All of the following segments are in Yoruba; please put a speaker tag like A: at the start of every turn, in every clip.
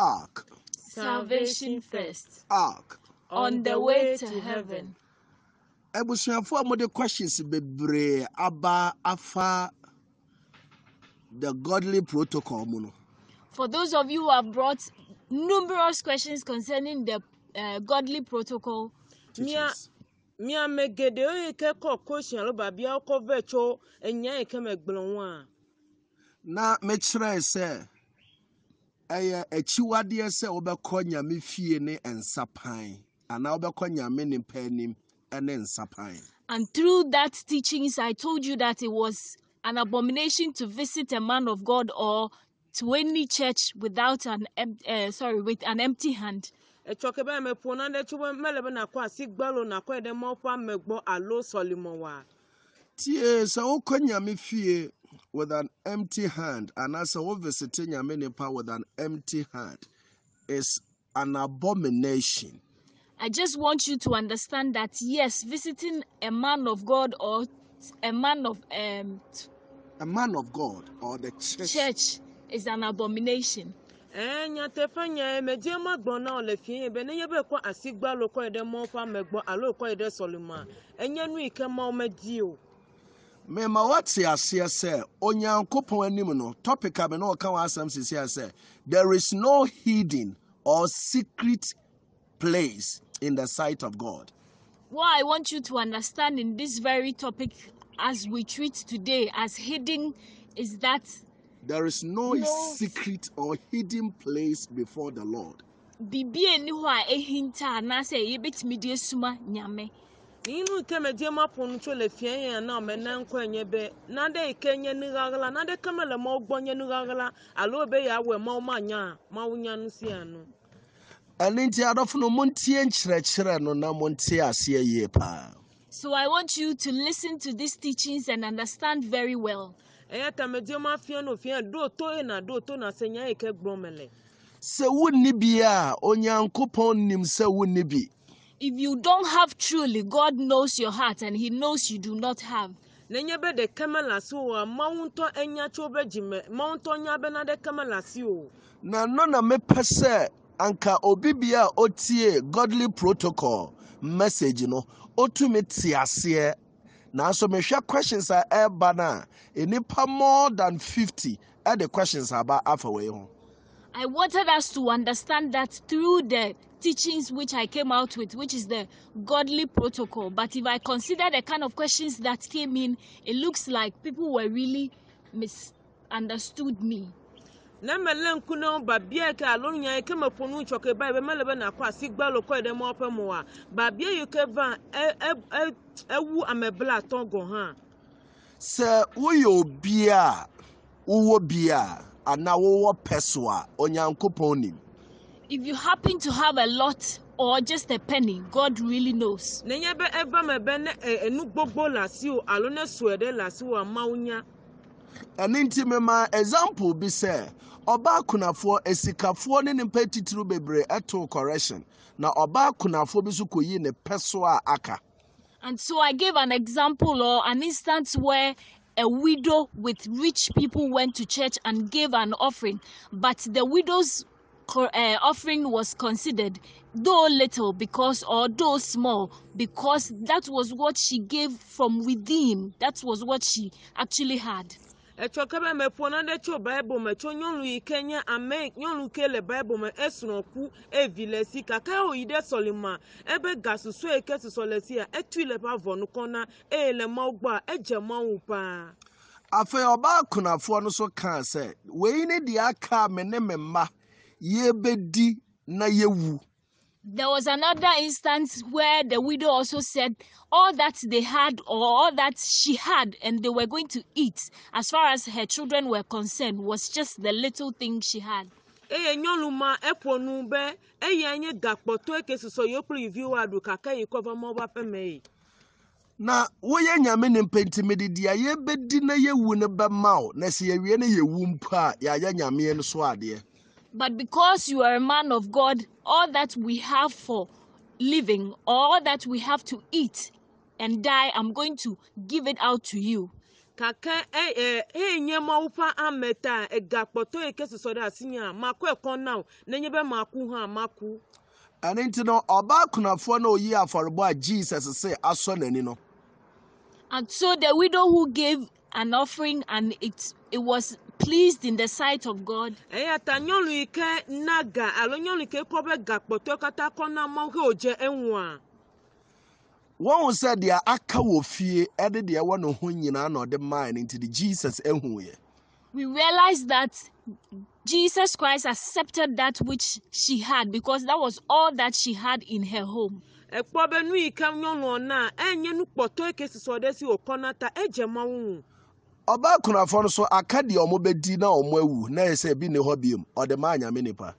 A: Ark. Salvation first. Ark. On the way to heaven.
B: Ebusuafo a de questions bebree aba afa the godly protocol mu no.
A: For those of you who have brought numerous questions concerning the uh, godly protocol.
C: Mia mia megede oye ke ko question lo ba bia ko vecho enya e ke megblon wa.
B: Na me kyerɛ sɛ ɛyɛ akyiwadeɛ sɛ wobɛkɔ nyame fie ne nsapan anaa wobɛkɔ nyame nipa anim ne nsapan
A: and through that teachings i told you that it was an abomination to visit a man of god or to any church without an uh, sorry with an empty hand etsɔke bɛ mɛ ƒona ɖe tso mele be nakɔ asi
C: gbalo nakɔe ɖe mɔ ƒe amegbɔ alo sɔlimɔ wa.
B: tie sɛ wokɔ nyame fie with an empty hand and anaasɛ wo visite nyame nipa with an empty hand is an abomination
A: I just want you to understand that yes, visiting a man of God or a man of um,
B: a man of God or the church,
A: church is an abomination. Eh,
C: nyateƒe nya medie ma na o fi yi be ne nye be kɔ asi gbalo kɔe ɖe mɔ ƒe ame gbɔ alo kɔe ɖe sɔlima enye nu yi ke mawo o
B: mema wate aseɛ sɛ onyankopɔn anim no topic a me na ɔka wɔn asɛm sisi sɛ there is no hidden or secret place in the sight of God.
A: What I want you to understand in this very topic as we treat today as hidden is that
B: there is no, no secret or hidden place
C: before the Lord.
A: Biribi eni hɔ a ehinta anaasɛ yebetumi de esuma
C: nyame. ninu keme diema ponu tso le fie yɛ na ɔmɛ na ŋkɔe nye be na ɖe yi ke nye nuɣaɣla na ɖe ke mele mɔwo gbɔ nye nuɣaɣla alo be yeawɔe mawo manya
A: mawo nya nu sia nu
B: ɛno nti adɔfo no montie nkyerɛkyerɛ no na montie aseɛ yie pa.
A: So I want you to listen to these teachings and understand very
C: well. ɛyɛ tamedioma fia no fia do to ye na ɖo to na se nya yi ke gblɔm mele.
B: sɛ wonni bi a onyankopɔn nim sɛ wonni bi
A: if you don't have truly, God knows your heart and He knows you do not have. nenye be ɖeke melasi
C: o mawu ŋutɔ enya tso be dzime mawu ŋutɔ nya bena ɖeke melasi o. na nɔna
B: mepɛ sɛ anka obi bia otie godly protocol message no otumi te aseɛ nanso mehwɛ questions a ɛreba no a nnipa e more than fifty ɛde questions aba afa wei ho.
A: I wanted us to understand that through the teachings which I came out with, which is the godly protocol. But if I consider the kind of questions that came in, it looks like people were really misunderstood me.
C: na mmele nkuno babia ke alonya ke maponu choke ba be mele be na kwa sigba lokọ de mo pe mo a babia yu ke va e, e, e, ewu amebla tongo ha se wo
B: yo bia wo bia anaa wowɔ pɛ so a onyankopɔn
C: nim
A: if you happen to have a lot or just a penny god really
C: knows. n'enye bɛ ɛba mɛ bɛ ne e, enu gbogbo lasi o alo ne sue ɖe lasi o amawo nya.
B: ɛne nti mema example bi sɛ ɔbaa kunafoɔ esikafoɔ ne ne mpɛ titiri bebree ɛto correction na ɔbaa kunafoɔ bi nso kò yi ne pɛ so a aka.
A: and so i gave an example or an instance where a widow with rich people went to church and gave an offering, but the widow's uh, offering was considered, though little because, or though small, because that was what she gave from within. That was what she actually
C: had. etsɔ ke be meƒona ɖe tso bible me tso nyɔnu yi ke nye ame nyɔnu ke le bible me esrɔ̃ ku evi le si gake wòyi ɖe sɔlima ebe gasusu yi ke susɔ le si etui le ƒe avɔnu kɔ na eye le mawu gbɔa edze mawu paa.
B: afe ɔbaa kunafoɔ no so kaa sɛ wei ne deɛ aka me ne me mma yebedi na yewu.
A: there was another instance where the widow also said all that they had or all that she had and they were going to eat as far as her children were concerned was just the little thing she had. eye nyɔnu
C: ma eƒo nu be eya nye gakpɔtɔ eke susɔ yewo kple yeviwo aɖu kake yi kɔ va mɔ ƒe aƒeme yi.
B: na woyɛ nyame ne mpɛntimededia yɛbɛdi na yɛwu ne bɛma o na sɛ yɛwie ne yɛwu mpo a yɛayɛ nyameɛ no so adeɛ
A: But because you are a man of God, all that we have for living, all that we have to eat and die, I'm going to give it out to you. kaka ɛɛ
C: eh, ɛyɛ eh, eh, nyɛmawo ƒe ame ta egakpɔtɔ yi ke susɔ ɖe asi nya makɔ ɛkɔ na o nenye be maku hã maku.
B: ɛne nti no ɔbaa kunafoɔ na oyi afɔrebɔ a jesus sɛ asɔ n'ani no.
A: and so the widow who gave an offering and it it was pleased in the sight of God. Eya ta nyɔnu yi ke
C: na ga alo nyɔnu yi ke kɔ be gakpɔtɔwo katã kɔ na mɔ he wòdze eŋua.
B: Wɔn sɛ deɛ aka wɔ fie ɛde deɛ ɛwɔ ne ho nyinaa na ɔde maa ne nti de Jesus ehu yɛ.
A: We realize that Jesus Christ accepted that which she had because that was all that she had in her home. Ekpɔ be nu yi ke
C: nyɔnua na enye nukpɔtɔ yi ke susɔ ɖe si wòkɔ na ta edze mɔ ŋu
B: ɔbaa kunafo no so aka deɛ ɔmo bɛdi na ɔmo awu na yɛ sɛ ebi ne hɔ biem ɔde maa nyame nipa.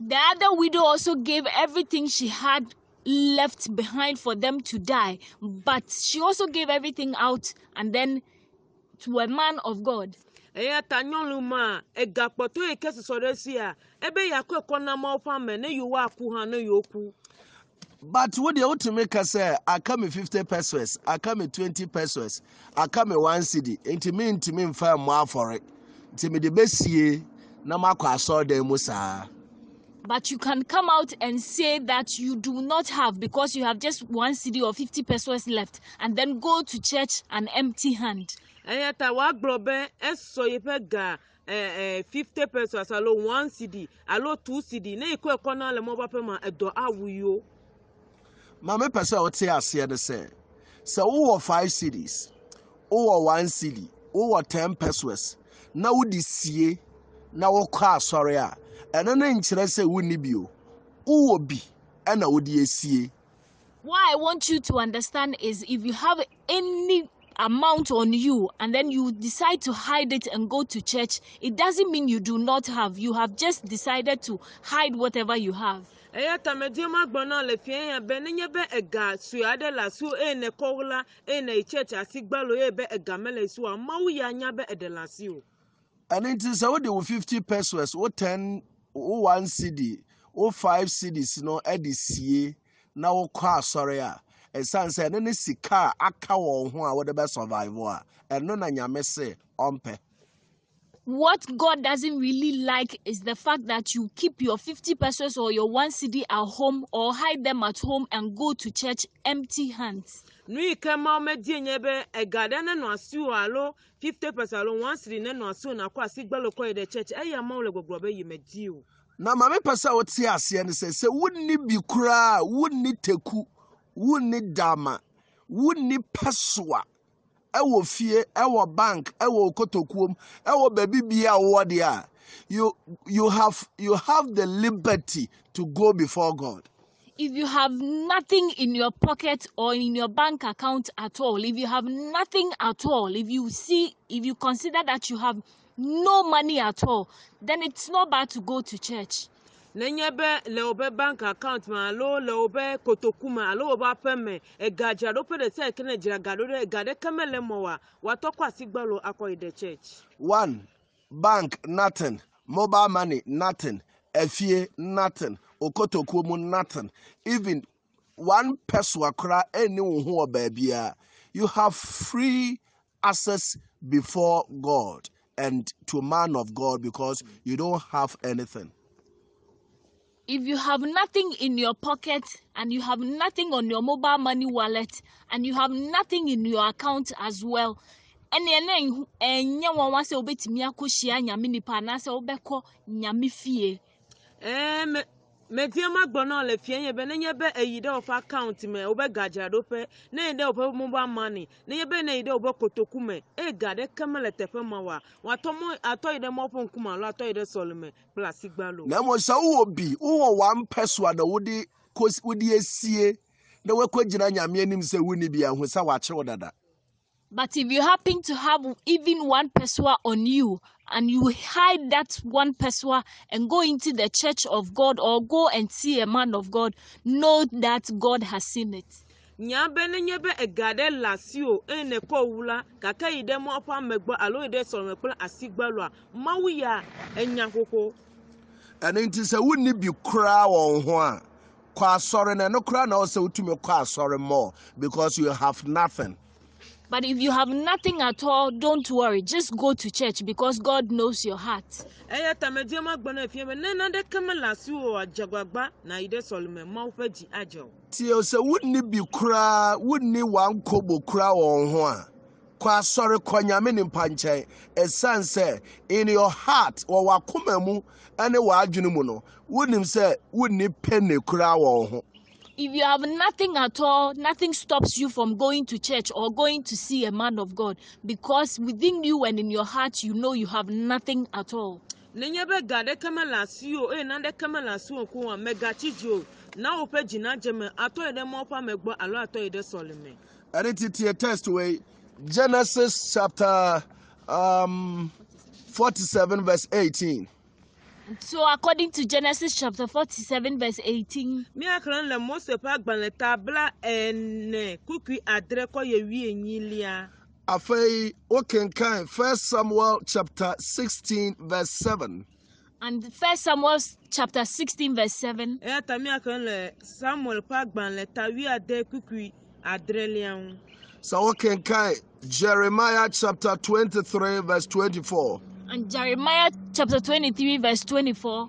A: the other widow also gave everything she had left behind for them to die but she also gave everything out and then to a man of god. ɛyɛ ta nyɔnu ma egakpɔtɔ yi kɛ sɔsɔ ɖe si a ebe
C: yakɔ ekɔnamawo ƒe ame ne yewo aku hã ne yewo ku
B: but wo deɛ wotumi ka sɛ aka me 50 pesos aka me 20 pesos aka me 1 cedi nti mentumi mfa mmɔ afɔre nti mede bɛsie na makɔ asɔredan mu saa
A: but you can come out and say that you do not have because you have just one CD or 50 pesos left and then go to church an empty hand ẹ̀yẹn ta
C: wàá gbọ́ bẹ́ẹ̀ ẹ sọ yìí fẹ́ gà fifty pesos alo one CD alo two CD ní ìkó ẹ̀kọ́ náà lè mọ́ bá fẹ́ ma ẹ̀dọ̀ àwùyọ maame pɛ sɛ
B: ɔte aseɛ no sɛ sɛ wowɔ five cities wowɔ one city wowɔ ten pesos na wode sie na wokɔ asɔre a ɛno ne nkyerɛ sɛ wonni bio wowɔ bi ɛna wode asie
A: What I want you to understand is if you have any amount on you and then you decide to hide it and go to church, it doesn't mean you do not have. You have just decided to hide whatever you have. eya tamedia ma gbɔ na le fia ya be nenye be ega
C: sue aɖe le asi eye ne kɔ la eye ne yi tsɛtsi asi gbalo eye be ega mele si wa mawu ya nya be eɖe le asi o.
B: ɛni ti sɛ wo de wo fifty pesos wo ten wo one cd wo five cds no ɛde sie na wo kɔ asɔre a ɛsiane ɛno ne sika a aka wɔn ho a wɔde bɛ survive a ɛno na nyame se ɔmpɛ
A: what God doesn't really like is the fact that you keep your 50 pesos or your one CD at home or hide them at home and go to church empty hands. nui kama ɔmɛdie nyɛ bɛ ɛgada e ne nɔ asi alo fifty
C: percent alo one CD ne nɔ asi o nakɔ asi gbalo kɔ yi dɛ church ɛyɛ ama wo le gbɔgblɔ bɛ yi mɛ di o.
B: na maame pɛ sɛ wote aseɛ no sɛ sɛ wonni bi koraa wonni teku wunni dama wunni pasoa ɛwɔ fie ɛwɔ bank ɛwɔ kotokuo mu ɛwɔ baabi bia wɔ deɛ a you you have you have the liberty to go before god.
A: if you have nothing in your pocket or in your bank account at all if you have nothing at all if you see if you consider that you have no money at all then it's not bad to go to church
C: nenye be le wobe bank account me e alo le wobe kotoku me alo wobe aƒe me ega ɖe sia ke ne dzra ga ɖo ɖe ega ɖeke mele mɔ wa woatɔ kɔ asi gbalo akɔ yi ɖe church.
B: one bank nothing mobile money nothing efie nothing okotokuo mu nothing even one person koraa ɛni wo ho wɔ baabiara you have free access before god and to man of god because you don't have anything.
A: if you have nothing in your pocket and you have nothing on your mobile money wallet and you have nothing in your account as well ɛne ɛna ɛnyɛ wɔn wa sɛ wobɛtumi akɔhyia nyame nipa anaasɛ wobɛkɔ nyame fie.
C: ɛɛ metiama gbɔna le fia nye be nenye be eyi ɖe woƒe akaunt me wobe gadzraɖoƒe ne yi ɖe woƒe mobile money nenye be ne yi ɖe woƒe kotoku me eye ga ɖeke mele teƒe ma wa woatɔ mɔ atɔ yi ɖe mɔ ƒe ŋkume alo atɔ yi ɖe sɔlime kple asigbalo. na mo
B: sɛ wowɔ bi wowɔ wɔm pɛsoa na wodi kos wodi esie na wɔkɔ gyina nyamea nim sɛ wuni bi ahosuo a wɔakyerɛ wɔ dada.
A: But if you happen to have even one peswa on you, and you hide that one peswa and go into the church of God or go and see a man of God, know that God has seen it.
C: nyabe ne nye e e e uh, be ega ɖe le asi o eye ne kɔ wu la gake yi ɖe mɔ ƒe amegbe alo yi ɖe sɔlɔme kple asigbe loa mawu ya enya xoxo. ɛne nti
B: sɛ wonni bi koraa wɔn ho a kɔ asɔre na ɛno koraa na ɔsɛ wotumi kɔ asɔre mɔ because you have nothing.
A: But if you have nothing at all, don't worry. Just go to church because God knows your heart. Ẹyẹ tàmẹ̀dí ọmọ gbọ́nà ìfihàn mi nínú adé
C: kẹ́mẹ́ làásù wọ àjàgbàgbà náà ìdẹ́ sọ̀lùmẹ̀ mọ́ fẹ́ di àjọ.
B: Tí o sẹ wúni bi kura wúni wà ń kobo kura wọn ho a kọ asọrọ kọ nyame ne mpa nkyɛn e ɛsan sɛ in your heart wɔ w'akoma mu ɛne w'adwene mu no wúni sɛ wúni pɛ ne kura wọn ho
A: if you have nothing at all, nothing stops you from going to church or going to see a man of God because within you and in your heart, you know you have nothing at all. nenye bɛ ga ɖe keme le asi o eye eh,
C: nane keme le asi o wa megatsi dzi o na woƒe dzi na dze me atɔ yi ɖe mɔ ƒe ame gbɔ alo atɔ yi ɖe sɔlime.
B: ɛɖe titie text wei genesis chapter um, 47 verse 18.
A: So according to Genesis chapter forty-seven verse eighteen. Mi akran le Mose pa agbalẽ tabla
C: ene kukui adre kɔ ye wie nyilia.
B: Afei wokenkan First Samuel chapter sixteen verse seven.
C: And First Samuel chapter sixteen verse seven. Eya ta mi le Samuel pa agbalẽ ta wi adre kukui adre lia ŋu.
B: Sɛ wokenkan Jeremiah chapter twenty-three verse twenty-four
A: and Jeremiah chapter twenty-three, verse twenty 24.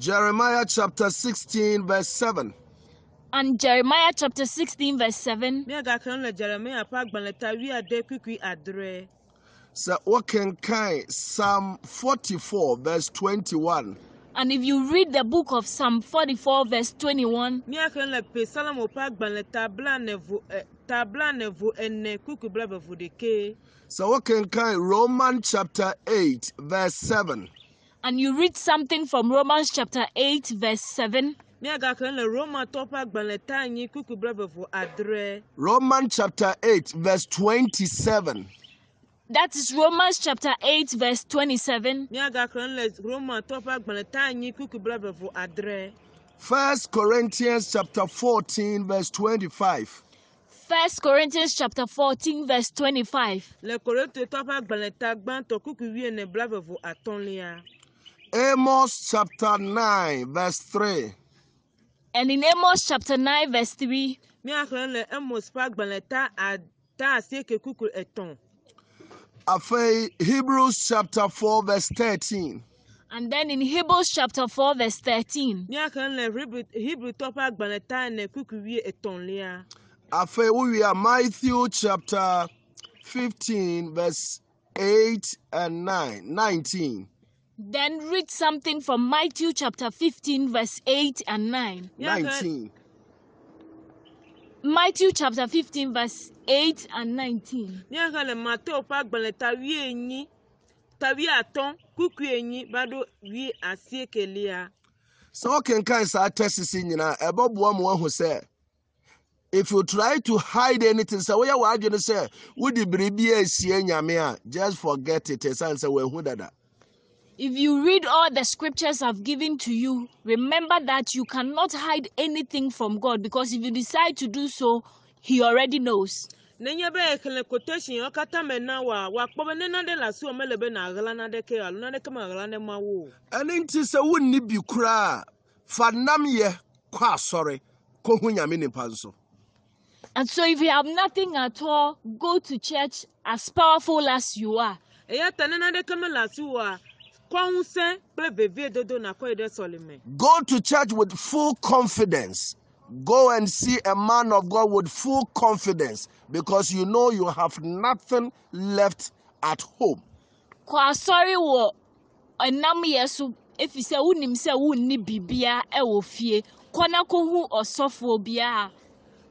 B: Jeremiah chapter sixteen, verse seven.
A: And Jeremiah chapter sixteen, verse seven. 7.
B: Sɛ wokenkan Psalm forty-four, verse twenty-one.
C: And if
A: you read the book of Psalm
C: 44, verse 21, eh,
B: so what can kind Roman chapter 8, verse 7.
A: And you read something from Romans chapter 8, verse 7.
B: Roman chapter 8, verse 27.
C: That is Romans
A: chapter eight verse
C: twenty 27.
B: First Corinthians chapter fourteen verse twenty-five.
A: First Corinthians chapter fourteen verse twenty 25.
B: Amos chapter nine verse three.
C: And in Amos chapter nine verse 3
B: afei hebrews chapter 4 verse 13
A: and then in hebrews chapter 4 verse 13 ní
C: àkànlẹ̀ hebrew tọ́pọ̀ àgbàlẹ̀ta ẹ̀ kúkú wí ẹ̀tàn lẹ́yà.
B: afei wíwíà matthew chapter 15 verse 8 and 9 19
A: Then read something from Matthew chapter 15, verse 8 and 9. 19. Matthew chapter fifteen verse eight and nineteen. Ní ẹ̀hánlẹ̀ máa tó ọ̀pá àgbàlẹ̀ tàwí ẹ̀yìn
C: tàwí àtọ́n kúkú ẹ̀yìn bá dó wí àti èkèlè
B: Sọ kìnkan sáà tẹ́sísì nyinaa ẹ̀bọ̀bùwọ̀ mu ọ̀hún sẹ́. If you try to hide anything sɛ woyɛ w'adwene sɛ wode biribi a asie nyame a just forget it and ɛsiane sɛ wɔahu dada
A: If you read all the scriptures I've given to you, remember that you cannot hide anything from God because if you decide to do so, He already knows.
C: nenye be xexlẽ kotosin wo katã me na wa wakpɔ be nena ɖe le asiwɔ mele be nàɣla naɖeke alo naɖeke maɣla ne mawo o.
B: ɛni nti sɛ wonni bi koraa fa nam yɛ kɔ asɔre ko hu nyame nipa nso.
A: and so if you have nothing at all go to church as powerful as you are. eya ta nena ɖeke mele
C: asi wɔ a. Go
B: to church with full confidence. Go and see a man of God with full confidence because you know you have nothing left at home.
A: Kọ asọrị wọ ẹnam yẹ so efi sẹ wunim sẹ wunni bibia ẹwọ fie kọ na kọ hu ọsọfọ bia.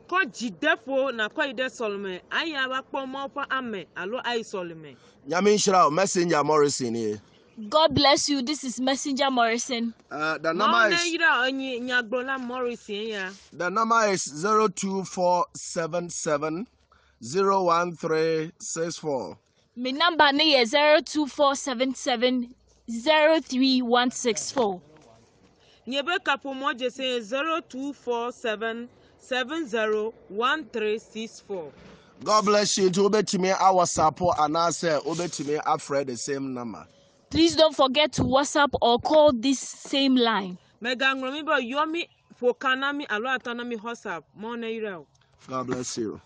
C: Kọ jidefo na kọ yi dẹ sọlọmọ anyị abakpọ mọ ọfọ amẹ alo ayi sọlọmọ.
B: Nyame nhyira o, messenger Morrison here.
A: God bless you. This is Messenger Morrison.
C: Uh,
B: the number
A: is
B: The number is zero two four seven seven zero one three six four.
A: My number is zero two four seven seven zero three one six four. Nyebe kapo moje
C: se zero two four seven seven zero one three six four.
B: God bless you. To obetime our support and answer obetime afraid the same number.
A: Please don't forget to WhatsApp or call this same line. Mega Ngromibo
C: Yomi Fokanami Alo Atanami WhatsApp. More God bless you.